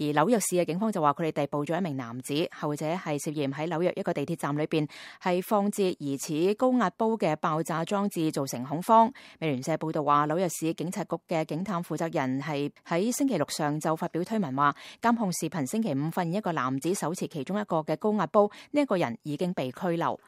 而紐約市嘅警方就話佢哋逮捕咗一名男子，後者係涉嫌喺紐約一個地鐵站裏邊係放置疑似高壓煲嘅爆炸裝置，造成恐慌。美聯社報道話，紐約市警察局嘅警探負責人係喺星期六上晝發表推文話，監控視頻星期五發現一個男子手持其中一個嘅高壓煲，呢、這、一個人已經被拘留。